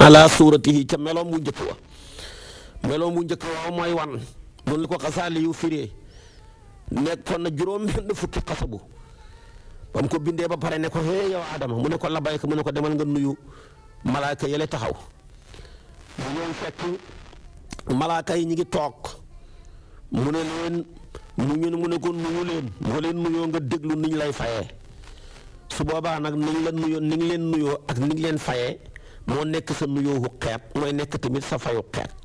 ala suuratihi ca meloom mu njëkk wa meloom mu njëkk wa mooy wan noonu li ko xasaali yu firee nekkoon na juróom benn fukki xasabu ba mu ko bindee ba pare ne ko mu ne ko labayka mu ne ko demal nga nuyu malaaka yële taxaw fekk malaaka yi ñu ngi toog mu ne leen mu ñu mu ne ko nuyu leen leen nuyoo nga déglu niñ lay fayee su boobaa nag niñ la nuyoo niñ leen nuyoo ak niñ leen faye moo nekk sa nuyoowu xeet mooy nekk tamit sa fayu xeet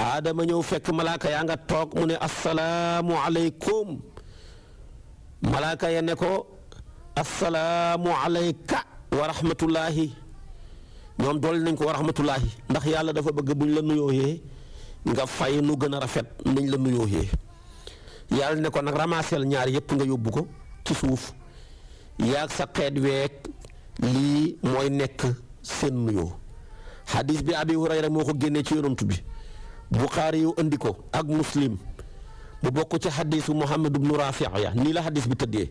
aadama ñëw fekk malaaka yaa nga toog mu ne assalaamu aleykum malaaka ya ne ko assalaamu aleyka wa rahmatullaahi ñoom dool nañ ko wa rahmatullaahi ndax yàlla dafa bëgg ñu la nuyooyee nga fay nu gën a rafet niñ la nuyooyee yàlla ne ko nag ramaseel ñaar yëpp nga yóbbu ko ci suuf yaag sa xeet week lii mooy nekk seen nuyoo xadis bi abi hurayra moo ko génnee ci yonantu bi buxaari yu andi ko ak muslim mu bokk ci xadisu muhammad ibnu rafi ya nii la xadis bi tëddee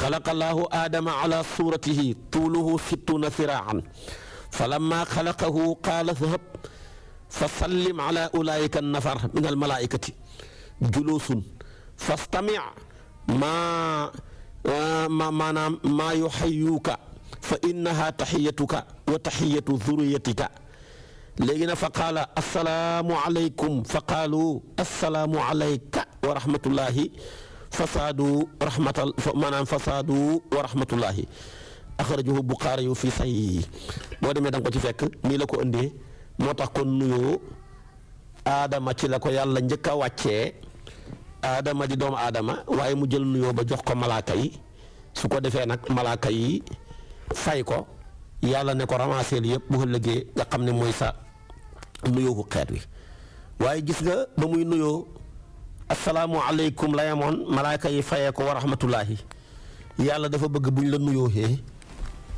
xalaqallaahu aadama ala suratihi tuuluhu sittuna siraan fa lamma xalaqahu qaala dhab fa sallim ala ulaayika nafar min almalaaikati juluusun fastamic maa maanaam maa yuxayuuka fa innaha taxiyatuka wa taxiyatu zuriyatika léegi na fa qaala assalaamu aleykum fa qaalu assalaamu aleyka wa rahmatullahi fasaadu rahmatal maanaam fasaadu wa rahmatullahi axrajahu buxaari yu fi say boo demee da ko ci fekk nii la ko indee moo tax ko nuyoo aadama ci la ko yàlla njëkk a wàccee aadama di doomu aadama waaye mu jël nuyoo ba jox ko malaakay su ko defee nag malaaka yi fay ko yàlla ne ko ramasseel yëpp bu liggéey nga xam ne mooy sa nuyoo ko xeet wi waaye gis nga ba muy nuyoo asalaamualeykum la yemoon malaaka yi fayee ko wa rahmatullaahi yàlla dafa bëgg buñ la nuyoo xee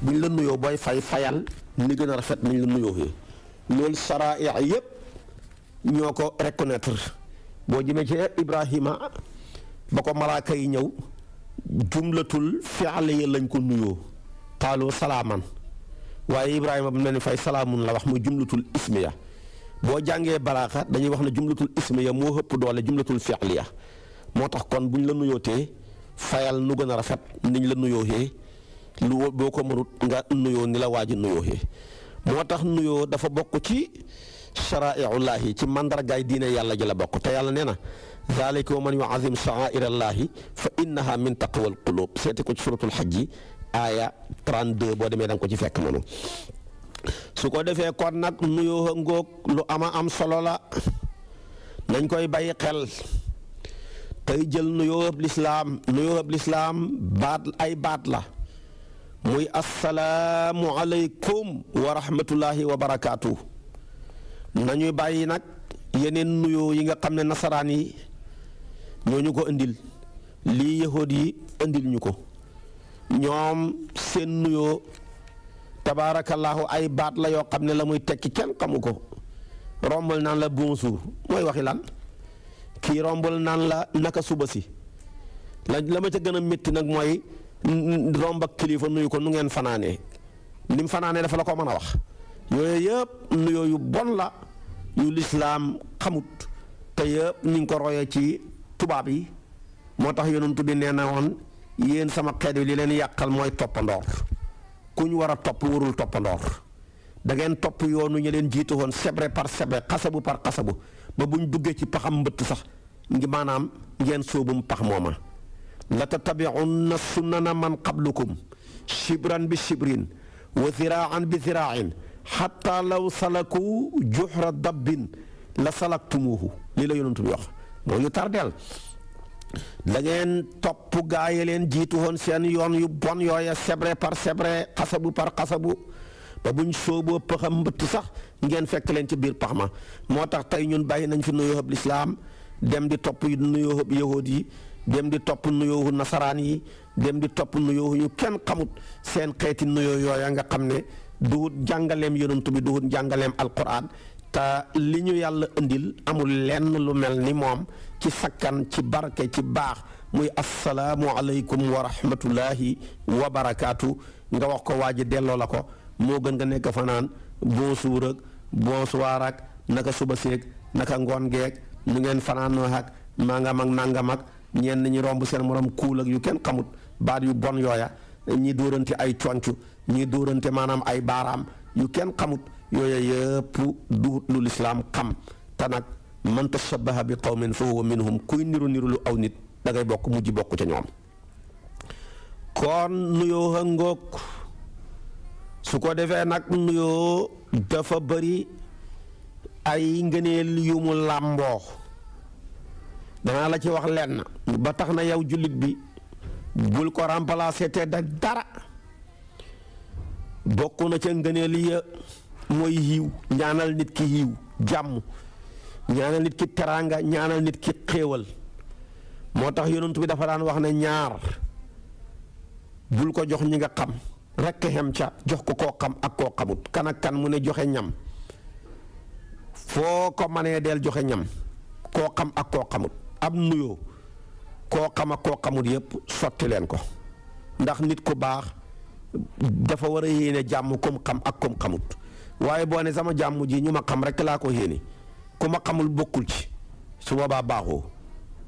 buñ la nuyoo booy fay fayal ni gën a rafet nañ la nuyoo xee loolu saraayaa yëpp ñoo ko reconnaître boo jëmee ci Ibrahima ba ko malaaka yi ñëw jumlatul fi'liya lañ ko nuyoo. qaalu salaaman waaye Ibrahima bu mel ni fay salaamun la wax muy jumlatul ismiya boo jàngee balaaxa dañuy wax na jumlatul ismiya moo ëpp doole jumlatul fi'liya moo tax kon buñ la nuyootee fayal nu gën a rafet niñ la nuyoo nuyoohee lu boo ko mënut nga nuyoo ni la waaj a nuyoohee moo tax nuyoo dafa bokk ci sharaa'irallaahi ci mandargaay diine yàlla ji la bokk te yàlla nee na zaalika wa man yu'azzim sharaa'irallaahi fa innaha min taqwal quluub seeti ko ci suratul xajji aaya 32 boo demee da ko ci fekk noonu su ko defee kon nag nuyoo ngoog lu ama am solo la nañ koy bàyyi xel tey jël nuyoo ab lislaam nuyoo lislaam baat ay baat la muy assalaamu aleykum wa rahmatullahi wa barakaatu nañuy bàyyi nag yeneen nuyoo yi nga xam ne nasaraan yi ñoo ñu ko indil lii yahood yi indil ñu ko ñoom seen nuyoo tabaarakallaahu ay baat la yoo xam ne la muy tekki kenn xamu ko rombal naan la bonjour mooy waxi lan kii rombal naan la naka suba si la la ma ca gën a métti nag mooy romb kilifa nuyu ko nu ngeen fanaanee ni fanaane dafa la ko mën a wax yooyu yëpp nuyoo yu bon la yu lislaam xamut te yëpp ñu ko royee ci tubaab yi moo tax yonent bi nee na woon yéen sama xeet wi li leen yàqal mooy toppandoor ku ñu war a topp warul toppandoor da ngeen topp yoonu ñu leen jiitu woon sebre par sebre xasabu par xasabu ba ñu duggee ci paxam mbëtt sax ngi maanaam ngeen sóobum pax mooma la tattabi'unna sunana man qablukum shibran bi shibrin wa ziraan bi zirain xatta law salaku juxra dabbin la salaktumuuhu lii la yonent bi wax moo ñu tardeel da ngeen topp gaa yi leen jiitu woon seen yoon yu bon yooya sebre par sebre xasabu par xasabu ba buñ sooboo pëxam mbëtt sax ngeen fekk leen ci biir pax ma moo tax tey ñun bàyyi nañ fi nuyoo hëb lislaam dem di topp nuyoo hëb yi dem di topp nuyoowu nasaraan yi dem di topp nuyoowu ñu kenn xamut seen xeeti nuyoo yooya nga xam ne duhut jàngaleem yonent bi duhut jàngaleem alquran te li ñu yàlla indil amul lenn lu mel ni moom ci sakkan ci barke ci baax muy assalaamu aleykum wa rahmatullahi wa barakaatu nga wax ko waa ji delloo la ko moo gën nga nekk fanaan bonjour ak bonsoir ak naka suba seeg naka ngoon geeg nu ngeen fanaanoo ak nga mag nanga mag ñenn ñi romb seen morom kuul ak yu kenn xamut baat yu bon yooya ñi dóorante ay conc ñi dóorante maanaam ay baaraam yu kenn xamut yooya yëpp duut lu lislaam xam te nag man tashabaha bi qawmin fa huwa minhum kuy niru niru lu aw nit dangay ngay bokk mujj bokk ca ñoom kon nuyoo hëngoog su ko defee nag nuyoo dafa bari ay ngëneel yu mu làmboo danaa la ci wax lenn ba tax na yow jullit bi bul ko remplacer te da dara bokk na ca ngëneel ya mooy yiw ñaanal nit ki yiw jàmm ñaanal nit ki teraanga ñaanal nit ki xéewal moo tax yonent bi dafa daan wax na ñaar bul ko jox ñi nga xam rekk xem ca jox ko koo xam ak koo xamut kan mu ne joxe ñam foo ko manee del joxe ñam koo xam ak koo xamut am nuyoo koo xam ak koo xamut yépp sotti leen ko ndax nit ku baax dafa war a yéene jàmm kum xam ak kum xamut waaye boo ne sama jàmm ji ñu ma xam rek laa ko yéene ku ma xamul bokkul ci su boobaa baaxoo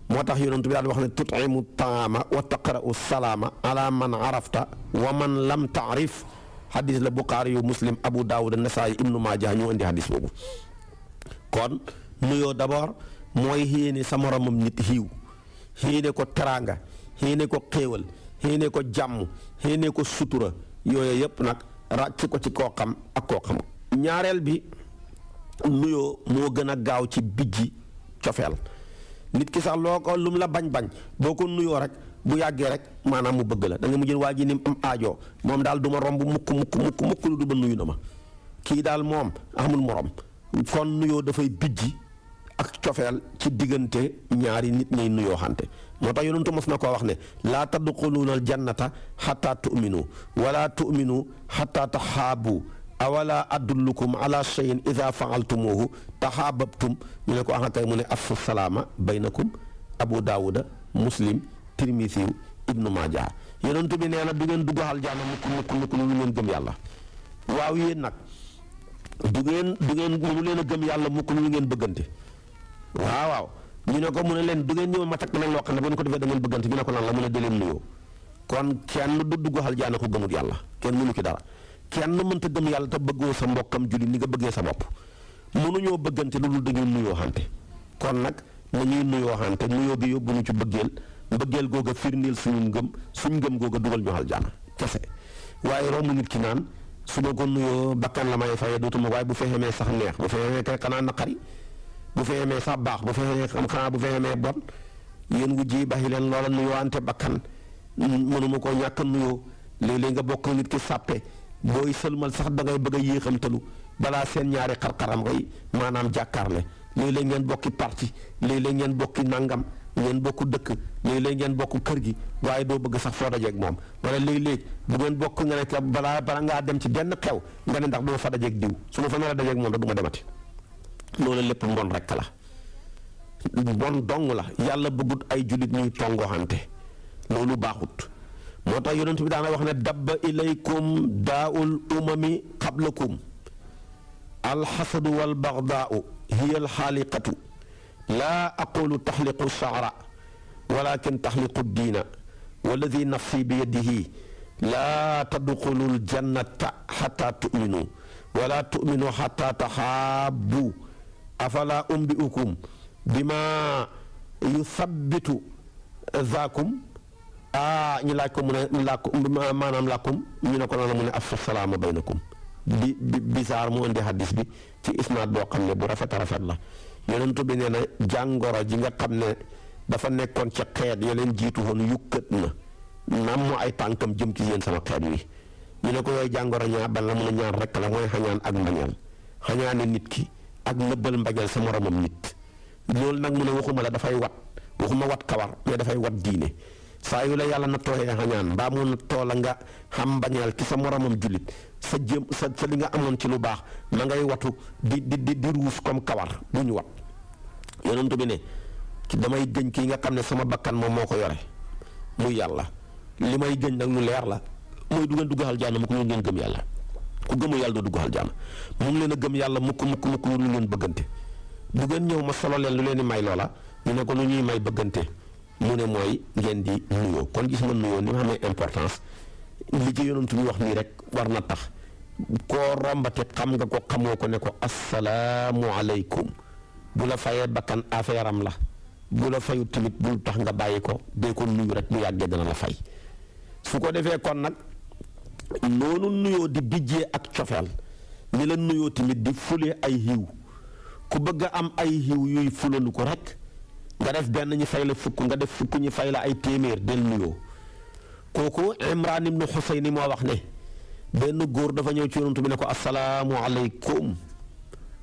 moo tax yonent bi daal wax ne tutimu taama wa taqra'u salaama ala man arafta wa man lam taarif xadis la buxaari yu muslim abu daawud nasaayi ibnu maaja ñu indi xadis boobu kon nuyoo d'abord mooy yéene sa moromam nit xiiw yéene ko teraanga yéene ko xéewal yéene ko jàmm yéene ko sutura yooyu yëpp nag ràcc ko ci koo xam ak koo xamul ñaareel bi nuyoo moo gën a gaaw ci bijji cofeel nit ki sax loo ko lum la bañ bañ boo ko nuyoo rek bu yàggee rek maanaam mu bëgg la da nga mujj waa ji ni mu am aajoo moom daal du ma romb mukk mukk mukk mukk lu du kii daal moom amul morom kon nuyoo dafay bijji ak cofeel ci diggante ñaari nit ñay nuyoo moo tax yonentu mos na ko wax ne laa tadxuluuna al jannata xataa tu'minu wala tu'minu xataa taxaabu awala adullukum ala cheyin ida faaltumuhu taxaababtum ñu ne ko axa kay mu ne afsu salaama baynakum abu daawuda muslim tirmisiw ibnu maaja yonent bi nee na du ngeen dugg aljaana mukk mukk mukk lu ngeen gëm yàlla waaw yéen nag du ngeen du ngeen mënu leen a gëm yàlla mukk lu ngeen bëggante waaw waaw ñu ne ko mu ne leen du ngeen ñëw ma takk nag loo xam ne bu ñu ko defee da ngeen bëggante ñu ne ko lan la mu ne di leen nuyoo kon kenn du dugg aljaana ko gëmut yàlla kenn mënu ki dara kenn mënta dem yàlla te bëggoo sa mbokkam jullit ni nga bëggee sa bopp mënuñoo bëggante lu dul dañuy nuyoo kon nag nañuy nuyoo xante nuyoo bi yóbbu nu ci bëggeel mbëggeel googa firndeel suñu ngëm suñu ngëm googa dugal ñu aljana kese waaye romb nit ki naan su ma ko nuyoo bakkan la may fay dootuma waaye bu fexemee sax neex bu fexemee kay xanaa naqari bu fexemee sax baax bu fexemee xam xanaa bu fexemee bon yéen wu ji baxi leen loola nuyoo ante bakkan mënuma koo ñàkk nuyoo léeg-léeg nga bokk nit ki sàppe booy sëlmal sax dangay bëgg a yéexamtalu balaa seen ñaari xar-xaram koy maanaam jàkkaarle léeg-léeg ngeen bokki parti léeg-léeg ngeen bokki nangam ngeen bokk dëkk léeg-léeg ngeen bokk kër gi waaye doo bëgg sax foo dajeeg moom wala léeg-léeg bu ngeen bokk nga ne balaa bala ngaa dem ci benn xew nga ne ndax doo fa dajeeg diw su ma fa nar a moom rek du ma demati loolu lépp mbon rek la mbon dong la yàlla bëggut ay jullit ñuy tongoxante loolu baaxut moo tax yonent bi daana wax ne dabba ilaykum daaul umami qablakum alxasadu walbaxdaau hiya alxaaliqatu laa aqulu taxliqu shaara walakin taxliqu diina walladi nafsi biyadihi laa tadxulu ljannata xata tuminu wala tuminu xata taxaabu afala umbiukum bima yuthabitu zaakum ah ñu laaj ko mu ne làkku maanaam làkkum ñu ne ko noonu mu ne af salaama baynakum bi bi bisaar mu indi hadis bi ci isnaad boo xam ne bu rafet rafet la yonent bi nee na jàngoro ji nga xam ne dafa nekkoon ca xeet ya leen jiitu woon yukkat na naam moo ay tànkam jëm ci yéen sama xeet wi ñu ne ko yooyu jàngoro ñaar ban la mun a ñaar rek la mooy xañaan ak mbañal xañaane nit ki ak nëbbal mbañal sama moromam nit loolu nag mu ne waxuma la dafay wat waxuma wat kawar mais dafay wat diine saa yu la yàlla na tooyee xañaan mbaa mu na toola nga xam mbañeel ci sa moromam jullit sa jëm sa sa li nga amoon ci lu baax ma ngay watu di di di ruus comme kawar bu ñu wat yonent bi ne damay gëñ kii nga xam ne sama bakkan moom moo ko yore muy yàlla li may gëñ nag lu leer la mooy du ngeen dugg aljaana mu ko ngeen gëm yàlla ku gëmu yàlla doo dugg aljaana mu ngi leen a gëm yàlla mukk mukk mukk lu leen bëggante du ngeen ñëw ma solo leen lu leen di may loola ñu ne ko lu ñuy may bëggante mu ne mooy ngeen di nuyoo kon gis nga nuyoo ni ma xamee importance li mu yonent bi wax nii rek war na tax koo rombati xam nga ko xamoo ko ne ko asalaamualeykum bu la fayee bakkan affaire la bu la fayu tamit bul tax nga bàyyi ko dee ko nuyu rek bu yàggee dana la fay su ko defee kon nag noonu nuyoo di bijjee ak cofeel ni la nuyoo tamit di fulee ay xiw ku bëgg a am ay xiw yuy fulalu ko rek nga def benn ñu fay la fukk nga def fukk ñu fay la ay téeméer del nuyoo kooku imran ibnu xuseyni moo wax ne benn góor dafa ñëw ci yonantu bi ne ko asalaamu aleykum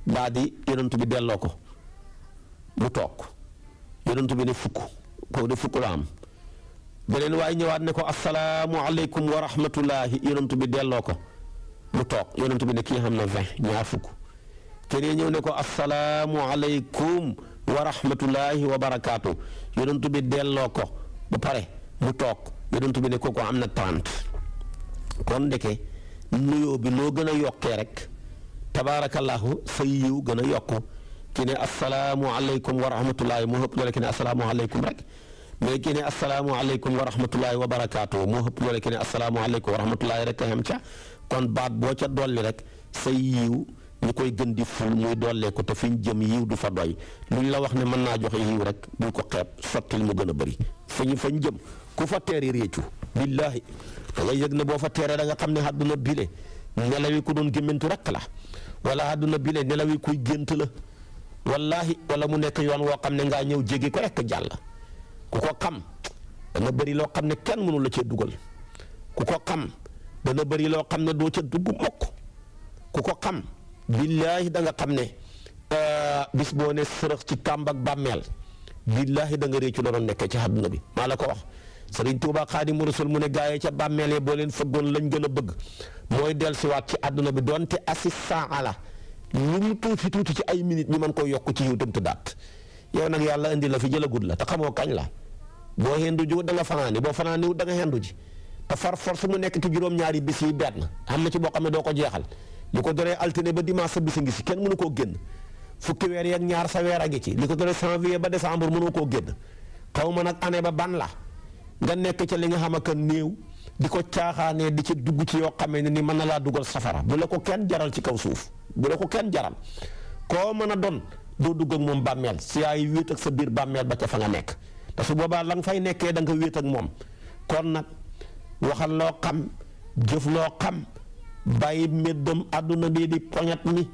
daa di yonantu bi delloo ko mu toog yonantu bi ne fukk de fukk am beneen waaye ñëwaat ne ko asalaamu aleykum wa rahmatullahi yonantu bi delloo ko mu toog bi ne kii xam na vingt ñaar fukk keneen ñëw ne ko asalaamu aleykum wa rahmatullahi wa barakaatu yonent bi delloo ko bu pare mu toog yonent bi ne kooku am na tànt kon ndeke nuyoo bi loo gën a yokkee rek tabaarakallahu sa yiw gën a yokku ki ne asalaamualeykum wa rahmatullahi moo ëpp doole ki ne asalaamualeykum rek mais ki ne asalaamualeykum wa rahmatullahi wa barakaatu moo ëpp ki ne asalaamualeykum wa rahmatullahi rek a xam ca kon baat boo ca dolli rek sa yiw lu koy gën di ful muy dollee ko te fi ñu jëm yiw du fa doy luñ la wax ne mën naa joxe yiw rek bul ko xeeb sottil mu gën a bëri fa ñu fañ jëm ku fa teeri réccu billaahi da nga yëg ne boo fa teeree da nga xam ne àdduna bile nelawi ku doon gémmantu rek la wala àdduna bile nelawi kuy gént la wallaahi wala mu nekk yoon woo xam ne ngaa ñëw jéggi ko rekk jàll ku ko xam dana bari loo xam ne kenn mënu la cee dugal ko xam dana bëri loo xam ne doo ca dugg mokk ku ko xam billaahi da nga xam ne euh, bis boo ne sërëx ci kàmb ak bàmmeel billaahi da nga réccu la doon nekkee ci àdduna bi maa la ko wax sa Sëriñ tuuba Xaadimu Rasuul mu ne gaayee ca bàmmeelee boo leen fëggoon lañ gën a bëgg mooy dellusiwaat ci àdduna bi doonte assistant ala lu mu tuuti tuuti ci ay minutes ñu man koy yokk ci yiw tëmt daat yow nag yàlla indi la fi jëlagut la te xamoo kañ la boo xendu ji da nga fanaani boo fanaaniwut da nga xendu ji te far force mu nekk ci juróom-ñaari bis yi benn am na ci boo xam ne doo ko jeexal li ko doree altine ba dimanche sa bis ngi si kenn mënu koo génn fukki weer yeeg ñaar sa weer a ngi ci li ko doree janvier ba décembre mënu koo génn xaw ma nag année ba ban la nga nekk ca li nga xam ne néew di ko caaxaanee di ci dugg ci yoo xamee ne ni mën na laa dugal safara bu la ko kenn jaral ci kaw suuf bu la ko kenn jaral koo mën a doon boo dugg ak moom bàmmeel si yaay wéet ak sa biir bàmmeel ba ca fa nga nekk te su boobaa la nga fay nekkee da nga wéet moom kon nag waxal loo xam jëf xam. bàyyi méddam àdduna bii di poñat mi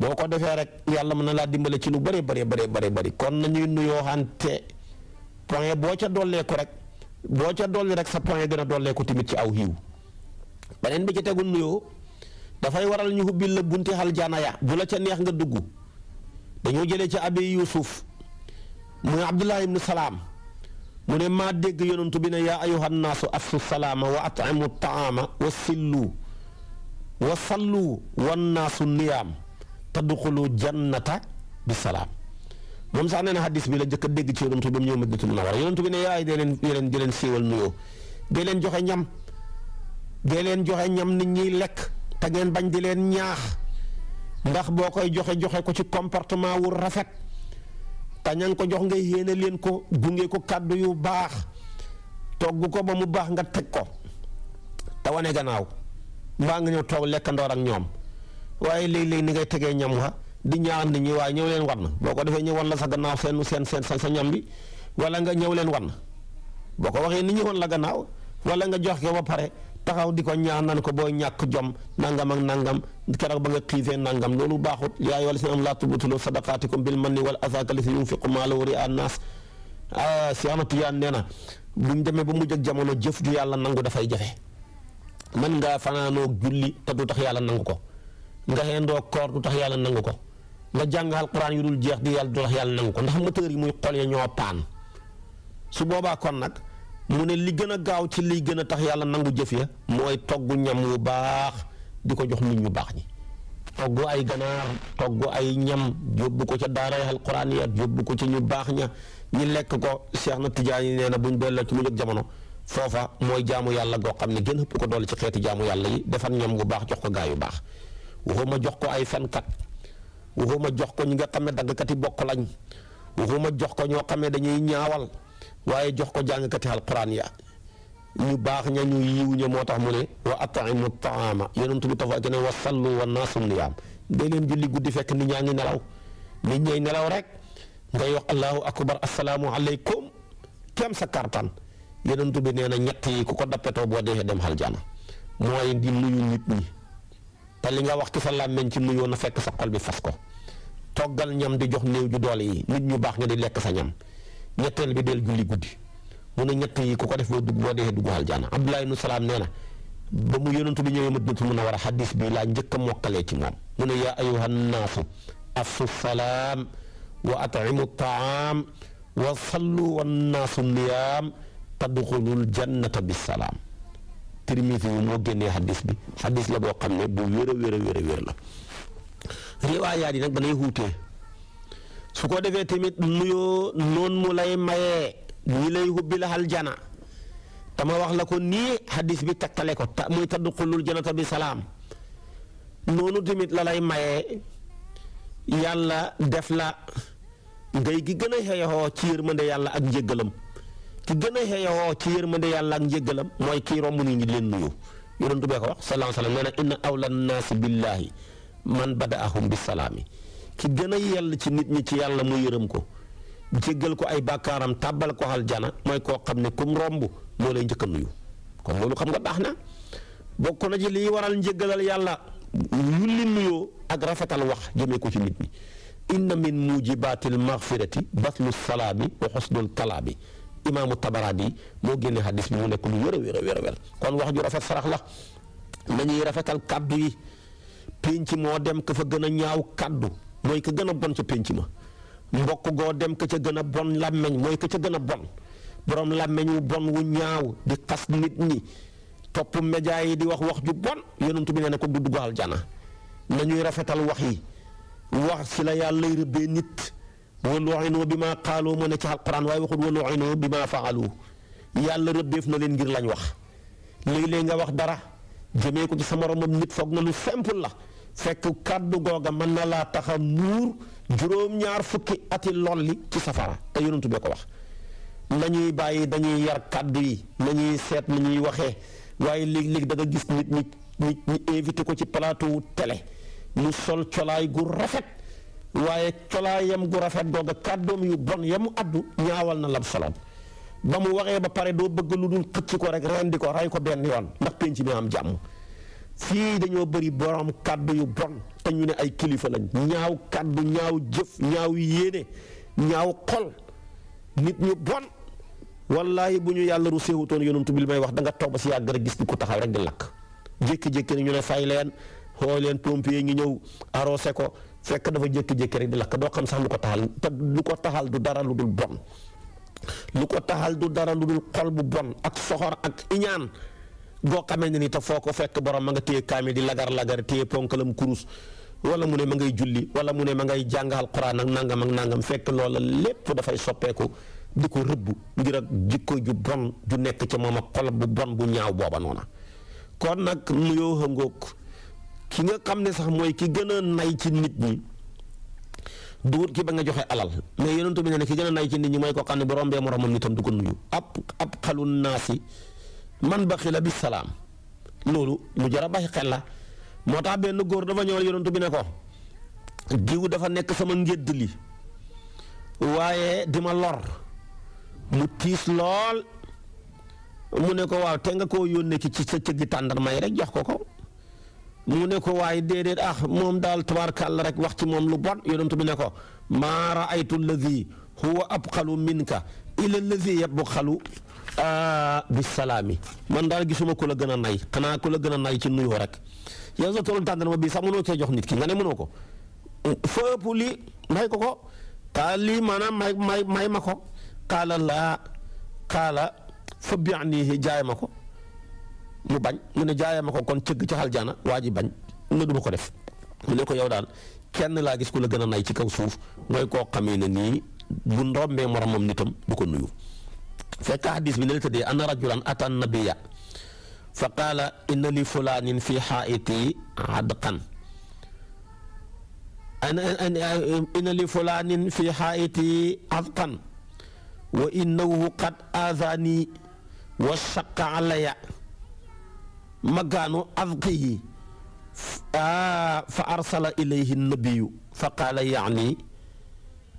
boo ko defee rek yàlla mën na laa dimbale ci lu bëree bare bëree bëri kon nañuy nuyoo xante point boo ca dolleeku rek boo ca dolli rek sa point gën a dolleeku tamit ci aw xiiw beneen bi ci tegul nuyoo dafay waral ñu hubbil la bunti aljaana ya bu la ca neex nga dugg dañoo jëlee ci abi yuusuf muy abdullah ibnu salaam mu ne maa dégg yonantu bi ne yaa ayuha nnaasu afsu salaama wa at'imu taama wa sillu wa sallu wannaasu niyaam tadxulu jannata bi salaam moom sax nee na hadis bi la jëkk a dégg ci yonantu ba mu ñëw Madinatul Munawwara yonantu bi ne yaay dee leen dee leen di leen siiwal nuyoo dee leen joxe ñam dee leen joxe ñam nit ñiy lekk te ngeen bañ di leen ñaax ndax boo koy joxe joxe ko ci comportement wu rafet ta ña ko jox nga yéene leen ko gunge ko kàddu yu baax togg ko ba mu baax nga teg ko te wane gannaaw. mbaa nga ñëw toog lekkandoor ak ñoom waaye léeg-léeg ni ngay tegee ñam wa di ñaan nit ñi waaye ñëw leen wan na boo ko defee ñëw wan la sa gannaaw seen seen seen sa ñam bi wala nga ñëw leen wan boo ko waxee nit ñi wan la gannaaw wala nga jox ko ba pare taxaw di ko ñaan nan ko booy ñàkk jom nangam ak nangam keroog ba nga xiifee nangam loolu baaxut yaa ayyuhal lazina aamanu laa tubtilu sadaqaatikum bil manni wal azaa kallazii yunfiqu maalahu ri'aa naas ah Seex Ahmad Tijaan nee na bu ñu demee ba mujj ak jamono jëf ju yàlla nangu dafay jafe. mën ngaa fanaanoo julli te du tax yàlla nangu ko nga xeendoo koor du tax yàlla nangu ko nga jàng alquran yu dul jeex di yàlla du tax yàlla nangu ko ndax moteur yi muy xol ya ñoo paan su boobaa kon nag mu ne li gën a gaaw ci liy gën a tax yàlla nangu jëf ya mooy togg ñam wu baax di ko jox nit ñu baax ñi togg ay ganaar togg ay ñam yóbbu ko ca daaray alquran ya yóbbu ko ci ñu baax ña ñu lekk ko Seex na tujaan yi nee na buñ delloo ci mu jóg jamono foofa mooy jaamu yàlla goo xam ne gën xëpp ko doole ci xeeti jaamu yàlla yi defar ñam gu baax jox ko gaa yu baax waxuma jox ko ay fenkat waxuma jox ko ñi nga xam ne daggkati bokk lañ waxuma jox ko ñoo xam ne dañuy ñaawal waaye jox ko jàngkati alquran ya ñu baax ña ñu yiw ña moo tax mu ne wa ataimu taama tax bi gën ne wa sallu wa naasum niyaam day leen julli guddi fekk nit ñaa ngi nelaw nit ñay nelaw rek ngay wax allahu akbar asalaamu aleykum kem sa kartan yonent bi nee na ñett yi ku ko dappetoo boo dee dem aljana mooy di nuyu nit ñi te li nga wax ci sa làmmeñ ci nuyoo na fekk sa xol bi fas ko toggal ñam di jox néew ju doole yi nit ñu baax nga di lekk sa ñam ñetteel bi del julli guddi mu ne ñett yi ku ko def boo dugg boo dee dugg aljana Abdullah ibn Salaam nee na ba mu yonent bi ñëwee war Munawwara xadis bi laa njëkk a mokkalee ci moom mu ne yaa ayyuhan naasu afsu salaam wa at'imu taam wa sallu wan naasu niyaam tadxulul jannata bi salaam tirmisi yi moo génnee xadis bi xadis la boo xam ne bu wér a wér a wér a wér la riwaayaat yi nag danay ko defee tamit nuyoo noon mu lay mayee wax la ko nii xadis bi taktale ko ta muy tadxulul jannata bi salaam noonu tamit la lay mayee yàlla def la ngay gi gën a xeexoo ci yërmande yàlla ak njëggalam ki gën a xeyoo ci yërmande yàlla ak njëggalam mooy kii romb nii ngi leen nuyu yonentu bee ko wax salaam salaam nee na inna awla naasi billaahi man badaahum bi salaami ki gën a yell ci nit ñi ci yàlla mu yërëm ko jéggal ko ay bàkkaaram tàbbal ko aljana mooy koo xam ne kum romb moo lay njëkk a nuyu kon loolu xam nga baax na bokk na ci liy waral njëggalal yàlla yulli nuyoo ak rafetal wax jëmee ko ci nit ñi inna min mujibaatil magfirati baslu salaami wa imaamu Tabaraani moo génne xadis bi mu nekk lu wér a wér kon wax ju rafet sarax la ñuy rafetal kàddu yi pénc moo dem ka fa gën a ñaaw kàddu mooy ka gën a bon ca pénc ma mbokk goo dem ka ca gën a bon làmmeñ mooy ka ca gën a bon borom làmmeñ wu bon wu ñaaw di xas nit ñi topp média yi di wax wax ju bon yonent bi nee na ko du dugg aljana nañuy rafetal wax yi wax si la yàlla rëbbee nit wa lu'inu bimaa qaalu moo ne ci alquran waaye waxul wa lu'inu bimaa fa'alu yàlla rëbbeef na leen ngir lañ wax léeg-léeg nga wax dara jëmee ko ci sa moromam nit foog na lu simple la fekk kàddu googa mën na laa tax a juróom-ñaar fukki ati lolli ci safara te yonent bee ko wax ñuy bàyyi dañuy yar kàddu yi nañuy seet na ñuy waxee waaye léegi léeg danga gis nit ñi nit ñi invité ko ci plateau tele mu sol colaay gu rafet waaye yem gu rafet googa kàddoom yu bon yamu addu ñaawal na lam soloon ba mu waxee ba pare doo bëgg lu dul xëcc ko rek rendi ko rey ko benn yoon ndax penc mi am jàmm fii dañoo bëri borom kàddu yu bon te ne ay kilifa lañ ñaaw kàddu ñaaw jëf ñaaw yéene ñaaw xol nit ñu bon wallaahi bu ñu yàlla ru séewutoon yonent bi li may wax da nga toog ba si yàgg rek gis ni ko taxaw rek di lakk jékki-jékki ni ñu ne fay leen xoo leen pompier ngi ñëw arrosé ko fekk dafa jékki-jékki rek di lakk doo xam sax lu ko taxal te lu ko taxal du dara lu dul bon lu ko taxal du dara lu dul xol bu bon ak soxor ak iñaan boo xamee ne ni te foo ko fekk borom ma nga téye kaami di lagar-lagar téye ponkalam kurus wala mu ne ma ngay julli wala mu ne ma ngay jàngal Quraan ak nangam ak nangam fekk loola lépp dafay soppeeku di ko rëbb ngir ak jikko ju bon ju nekk ci moom ak xol bu bon bu ñaaw booba noona kon nag nuyoo xëngoog ki nga xam ne sax mooy ki gën a nay ci nit ñi dugut ki ba nga joxe alal mais yonent bi ne ne ki gën a nay ci nit ñi mooy ko xam ne bu rombee moroomam nitam du ko nuyu ab ab xalu naasi man baxila bi salaam loolu mu jar a bàyyi xel la moo tax benn góor dafa ñëwal yonent bi ne ko diw dafa nekk sama ngédd li waaye di ma lor mu tiis lool mu ne ko waaw te nga koo yónnee ci sa cëggi tàndarma yi rek jox ko ko mu nekko waaye déedéet ah moom daal tabaarkàlla rek wax ci moom lu bon yonent bi ne ko maa raaytu alladi huwa abqalu minka ila alladi yabqalu bisalaami man daal gisuma ku la gën a nay xanaa ku gën a nay ci nuyoo rek yow sa toolu ma bii sax mënoo cee jox nit ki nga ne mënoo ko fa ëpp lii ko ko ta lii maanaam may may may ma ko qaala laa qaala fa jaay ma ko mu bañ mu ne jaayee ma ko kon cëgg ca aljana waa ji bañ mu du ma ko def mu ne ko yow daal kenn laa gis ku la gën a nay ci kaw suuf mooy koo xamee ne nii bu ndombee moromam nitam bu ko nuyu fekk hadis bi ne la tëddee anna rajulan atan nabiya fa qaala inna li fulaanin fi xaaiti adqan inna li fulaanin fi xaaiti adqan wa innahu qad aazani wa shaqa alaya makaanu adqihi ah, fa arsala ilayhi nabiyu fa qaala yaani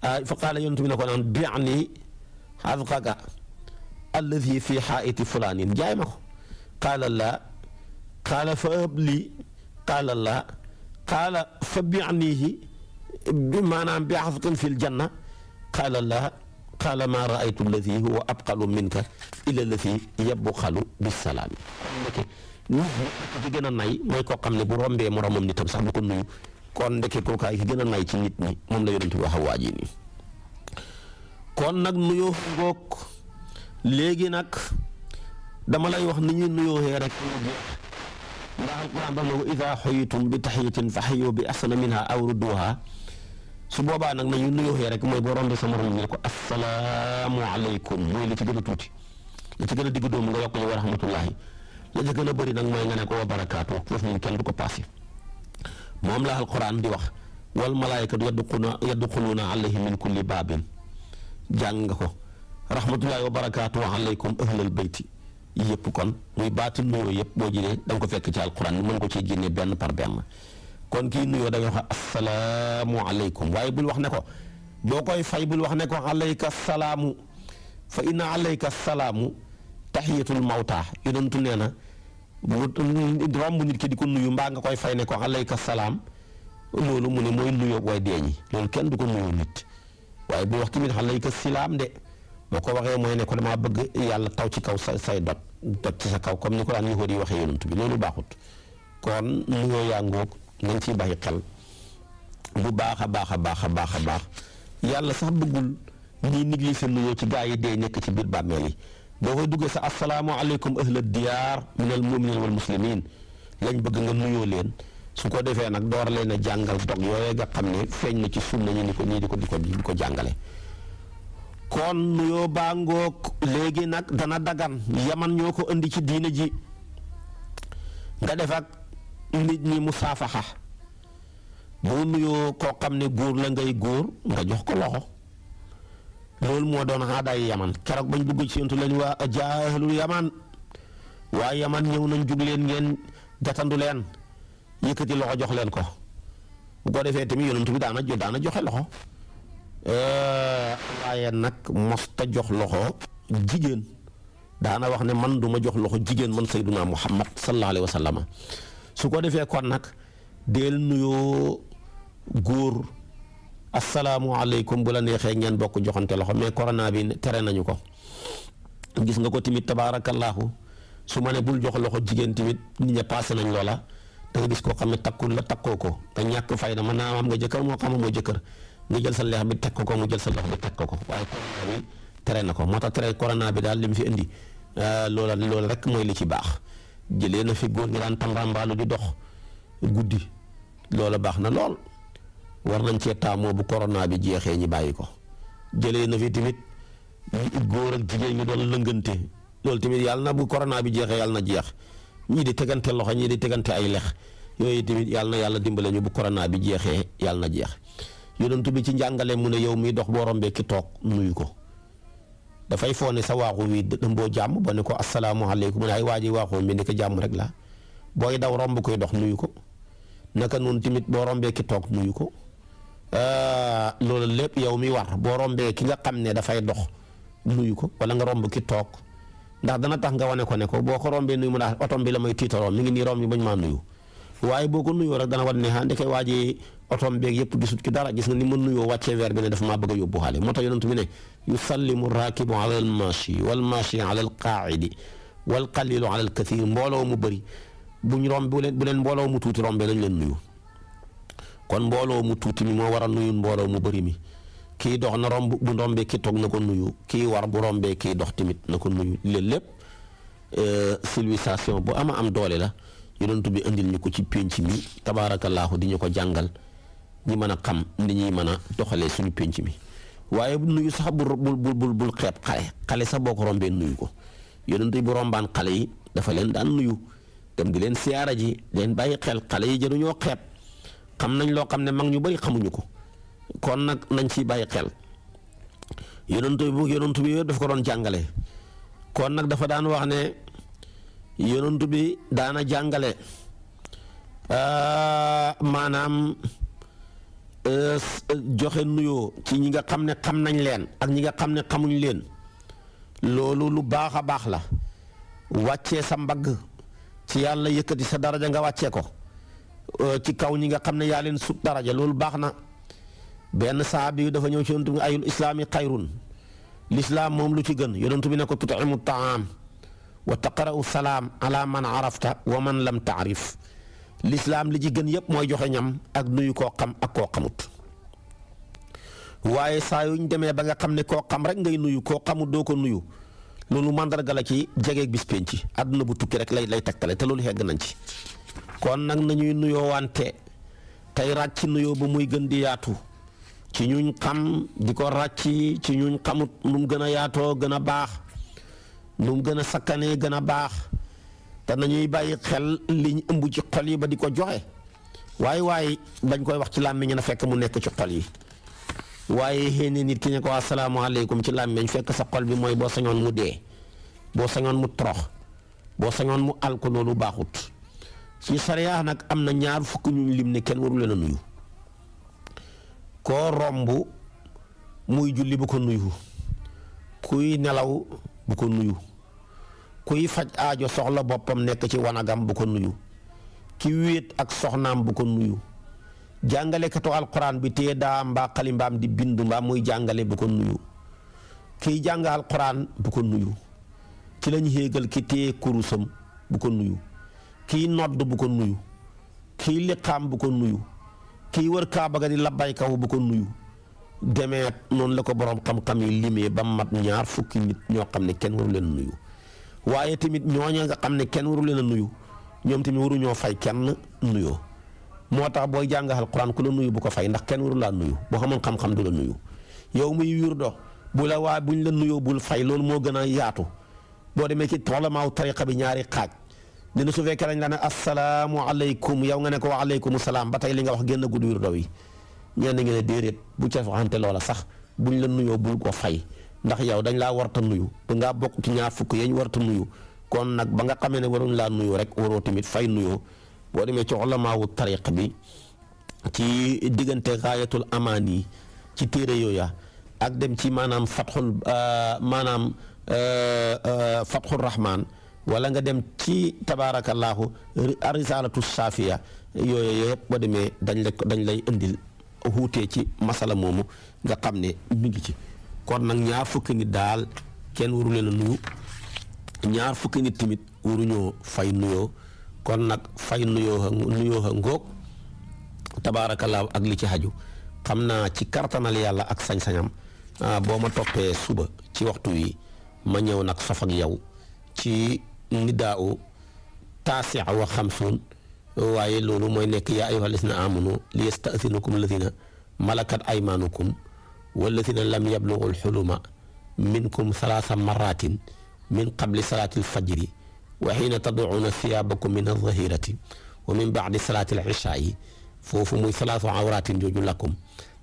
ah, fa qaala yonent bi ne ko naan bi'ni adqaka alladi fi xaa'iti fulaanin jaay ma ko qaala laa qaala fa ëb lii qaala laa qaala fa bi'nihi maanaam bi adqin fil janna qaala laa qaala maa raaytu alladi huwa abqalu minka ila alladi yabqalu bisalaami nit ñi gën a nay mooy koo xam ne bu rombee moromam nitam sax du ko nuyu kon ndeke kookaay ki gën a nay ci nit ñi moom la yonent bi wax a waa nii kon nag nuyoo ngoog léegi nag dama lay wax ni ñuy nuyoo rek ndax alquran daf na ko ida xoyitum bi taxiyatin fa xayu bi asana minha aw rudduha su boobaa nag nañu nuyoo rek mooy boo rombee sa morom ñu ne ko asalaamu aleykum mooy li ci gën a tuuti li ci gën a digg doomu nga yokk ñu wa la ca gën a bëri nag mooy nga ne ko wa barakaatu foofu moom kenn du ko paase moom la alquran di wax wal malaayikatu yadduquna yadduquluuna alayhi min kulli baabin jàng nga ko rahmatullahi wa barakaatu alaykum ahlal bayti yëpp kon muy baati nuyoo yëpp boo jëlee da ko fekk ci alquran ni mën ko ciy génne benn par benn kon kii nuyoo da nga wax asalaamu aleykum waaye bul wax ne ko boo koy fay bul wax ne ko alayka salaamu fa inna alayka salaamu taxiyatul mawtaa yonentu nee na bu romb ki ko nuyu mbaa nga koy fay ne ko alayka salaam loolu mu ne mooy nuyoo way dee ñi loolu kenn du ko nuyu nit waaye bu wax tamit alayka salaam de boo ko waxee mooy ne ko damaa bëgg yàlla taw ci kaw sa say dot dot ci sa kaw comme ni ko daan yahuud yi waxee yonent bi loolu baaxut kon nuyoo yaa ngoog nañ ciy bàyyi xel bu baax a baax a baax a baax a baax yàlla sax bëggul ñuy négliger nuyoo ci gaa yi dee nekk ci biir bàmmeel yi boo koy duggee sa asalaamualeykum ahla diyaar min al muminin lañ bëgg nga nuyoo leen su ko defee nag door leen a jàngal dog yooyu nga xam ne feeñ na ci sunna ñi ni ko nii di ko di ko di ko jàngale kon nuyoo baa ngoog léegi nag dana dagan yaman ñoo ko indi ci diina ji nga def nit ñi mu saafaxa boo nuyoo koo xam ne góor la ngay góor nga jox ko loxo loolu moo doon aadaay yaman keroog bañ dugg ci yontu leen waa jaahlul yaman waa yaman ñëw nañ jóg leen ngeen jatandu leen yëkkati loxo jox leen ko bu ko defee tamit yonent bi daana daana joxe loxo eh, waaye nag mosta jox loxo jigéen daana wax ne man duma jox loxo jigéen man sayduna muhammad sallallahu alayhi wa sallam su ko defee kon nag deel nuyoo góor asalaamualeykum bu la neexee ngeen bokk joxante loxo mais corona bi tere nañu ko gis nga ko tamit tabaarakallaahu su ma ne bul jox loxo jigéen tamit nit ña passé nañ loola da gis koo xam ne takkul la takkoo ko te ñàkk fayda mën naa am nga jëkkër moo xam moo jëkkër nga jël sa leex bi teg ko ko mu jël sa loxo bi teg ko ko waaye corona bi tere na ko moo tax tere corona bi daal li mu fi indi euh, loola lool rek mooy li ci baax jëlee na fi góor ñi daan tamrambaalu di dox guddi baax na lool. war nañ cee taamoo bu corona bi jeexee ñi bàyyi ko jëlee na fi tamit góor ak jigéen ñi doon lëngante loolu tamit yàlla na bu koronaa bi jeexee yàlla na jeex ñii di tegante loxo ñii di tegante ay lex yooyu tamit yàlla yàlla dimbale ñu bu corona bi jeexee yàlla na jeex yonent bi ci njàngale mu ne yow muy dox boo rombee ki toog nuyu ko dafay foone sa waaxu wi dëmboo jàmm ba ne ko asalaamaaleykum mu ay waa ji waaxoo mi ne jàmm rek la booy daw romb koy dox nuyu ko naka noonu tamit boo rombee ki toog nuyu ko loolu lépp yow mi war boo rombee ki nga xam ne dafay dox nuyu ko wala nga romb ki toog ndax dana tax nga wane ko ne ko boo ko rombee nuyu mu daal otom bi la may tiitaroo mi ngi nii romb bi bañ maa nuyu waaye boo ko dana wan ne ah ndeke waa ji otom beeg yëpp gisut dara gis nga ni ma nuyoo wàccee weer bi ne dafa maa bëgg a yóbbu xale moo tax yonent bi ne yusallimu raakibu ala al maashi wal maashi ala al qaa'idi wal qalilu ala al kathir mbooloo mu bëri buñ romb bu leen bu leen mbooloo mu tuuti rombee dañ leen nuyu kon mbooloo mu tuuti mi moo war a nuyu mbooloo mu bëri mi kii dox na romb bu rombee kii toog na ko nuyu kii war bu rombee kii dox tamit na ko nuyu loolu lépp euh, civilisation bu ama am doole la yonent bi indi ñu ko ci pénc mi tabaarakallaahu di ñu ko jàngal ñi mën a xam ni ñuy mën a doxalee suñu pénc mi waaye nuyu sax bul bul bul bul xeeb xale xale sax boo ko rombee nuyu ko yonent bi bu rombaan xale yi dafa leen daan nuyu dem di leen siyaara ji leen bàyyi xel xale yi jëruñoo xeeb. xam nañ loo xam ne mag ñu bari xamuñu ko kon nag nañ ciy bàyyi xel yonent bi yonent bi daf ko doon jàngale kon nag dafa daan wax ne yonent bi daana jàngale ah, maanaam euh, euh, joxe nuyoo ci ñi nga xam ne xam nañ leen ak ñi nga xam ne xamuñ leen loolu lu baax a baax la wàccee sa mbagg ci yàlla yëkkati sa dara daraja nga wàccee ko Euh, ci kaw ñi nga xam ne yaa leen sut daraja loolu baax na benn saabi yu dafa ñëw ci yonent bi ayul islaami xayrun lislaam moom lu ci gën yonent bi ne ko tut'imu taam wa taqra'u salaam ala man arafta wa man lam taarif lislaam li ci gën yëpp mooy joxe ñam ak nuyu koo xam koo xamut waaye saa yuñ demee ba nga xam ne koo xam rek ngay nuyu koo xamut doo ko nuyu loolu màndarga la ci jegeeg bis penc àdduna bu tukki rek lay lay takkale te loolu xegg nañ ci kon nag nañuy nuyoo wante tey ràcc nuyoo ba muy gën di yaatu ci ñuñ xam di ko ràcc ci ñuñ xamut nu mu gën a yaatoo gën a baax nu mu gën a sakkanee gën a baax te nañuy bàyyi xel liñ ëmb ci xol yi ba di ko joxe waaye waaye bañ koy wax ci làmmiñ na fekk mu nekk ci xol yi waaye xéene nit ki ne ko asalaamaaleykum ci làmmiñ fekk sa xol bi mooy boo sañoon mu dee boo sañoon mu torox boo sañoon mu alko lu baaxut ci sariya nag am na ñaar fukk ñu lim ne kenn waru leen a nuyu koo romb muy julli bu ko nuyu kuy nelaw bu ko nuyu kuy faj aajo soxla boppam nekk ci wanagam bu ko nuyu ki wéet ak soxnaam bu ko nuyu jàngalekatu alquran bi téye daa mbaa xali mbaam di bindu mbaa muy jàngale bu ko nuyu kiy jàng alquran bu ko nuyu ci lañu xéegal ki téye kurusam bu ko nuyu kii nodd bu ko nuyu kii liqaam bu ko nuyu kii wër kaaba ga di labbay kaw bu ko nuyu demeet noonu la ko borom xam-xam yi limee ba mat ñaar fukki nit ñoo xam ne kenn waru leen nuyu waaye tamit ñooña nga xam ne kenn waru leen a nuyu ñoom tamit waruñoo fay kenn nuyoo moo tax booy jàngal Alxuraan ku la nuyu bu ko fay ndax kenn waru laa nuyu boo xamoon xam-xam du la nuyu yow muy wirdo bu la waa buñ la nuyoo bul fay loolu moo gën a yaatu boo demee ci toolamaaw tariqa bi ñaari xaaj. ne su fekkee dañ la ne asalaamu aleykum yow nga ne ko wa aleykum salaam ba tey li nga wax génn gudd wirdo wi ñenn ngeen ne déedéet bu ca waxante loola sax bu buñ la nuyoo bu ko fay ndax yow dañ laa warta nuyu da ngaa bokk ñaar fukk yañ warta nuyu kon nag ba nga xamee ne waruñ laa nuyoo rek waroo tamit fay nuyoo boo demee ci ulamaawu tariq bi ci diggante gaayatul amaan yi ci téere yooya ak dem ci maanaam fatxul euh, maanaam euh, euh, fatxul raxmaan wala nga dem ci tabaarakallaahu arisalatu saafiya yooyu yëpp boo demee dañ la dañ lay indil wuutee ci masala moomu nga xam ne mi ci kon nag ñaar fukki nit daal kenn waru leen a ñaar fukki nit tamit waruñoo fay nuyoo kon nag fay nuyoo nuyoo a ngoog tabaarakallaahu ak li ci xaju xam naa ci kartanal yàlla ak sañsañam ah, boo ma toppee suba ci waxtu yi ma ñëw nag sof ak yow ci nidaau taasia wa xamsun waaye loolu mooy nekk yaa ayyuha alladina amanu li yastasinukum alladina malakat aymaanukum walladina lam yablugu alxuluma minkum salaasa maratin min qabli salaati alfajri wa xiina tadcuuna siyaabakum min alzahirati wa min bacdi salaati alcichaayi foofu muy salaasu awratin jooju lakum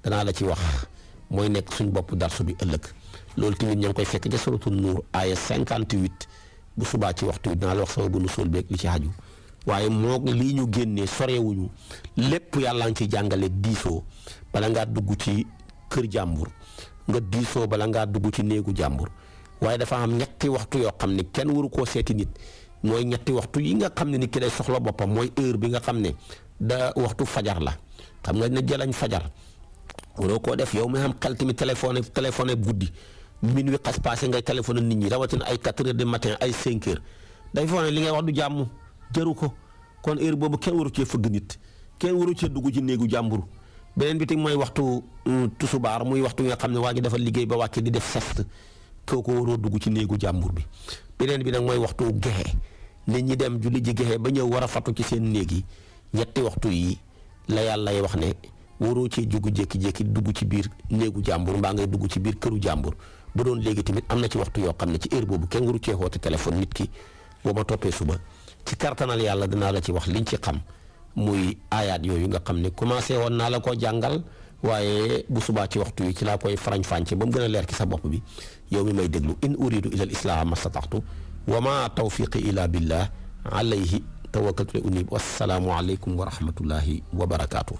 danaa la ci wax mooy nekk suñ bopp darsu bi ëllëg loolu tamit ña ngi koy fekk ca suratu nuur aaya 58 bu subaa ci waxtu yi dinaa la wax sama bu nu suul beeg li ci haju waaye moo lii ñu génnee sorewuñu lépp yàlla ngi ci jàngale diisoo bala ngaa dugg ci kër jàmbur nga diisoo bala ngaa dugg ci néegu jàmbur waaye dafa am ñetti waxtu yoo xam ne kenn waru koo seeti nit mooy ñetti waxtu yi nga xam ne ni ki day soxla boppam mooy heure bi nga xam ne da waxtu fajar la xam nga ne jëlañ fajar waroo ko def yow mi am xel tamit téléphoné téléphoné guddi min wi xas passé ngay téléphone nit ñi rawatina ay 4 heures du matin ay 5 heures day foog ne li ngay wax du jàmm jëru ko kon heure boobu kenn waru cee fëgg nit kenn waru cee dugg ci néegu jàmbur beneen bi tamit mooy waxtu mm, tusubaar muy waxtu nga xam ne waa ji dafa liggéey ba wàcc di def sast kooku waroo dugg ci néegu jàmbur bi beneen bi nag mooy waxtu gexe nit ñi dem julli ji gexe ba ñëw war a fatu ci seen néeg yi ñetti waxtu yi la yàlla lay wax ne waroo cee jugg jékki-jékki dugg ci biir néegu jàmbur mbaa ngay dugg ci biir këru jàmbur bu doon léegi tamit am na ci waxtu yoo xam ne ci heure boobu kenn waru cee woote téléphone nit ki boo ma toppee suba ci kartanal yàlla danaa la ci wax liñ ci xam muy aayaat yooyu nga xam ne commencé woon naa la ko jàngal waaye bu subaa ci waxtu yi ci laa koy farañ-fànce ba mu gën a leer ci sa bopp bi yow mi may déglu in uridu ila al islaha mastataxtu wa ma tawfiqi ila billah alayhi tawakkaltu unib wassalaamu aleykum wa rahmatullahi wa barakaatu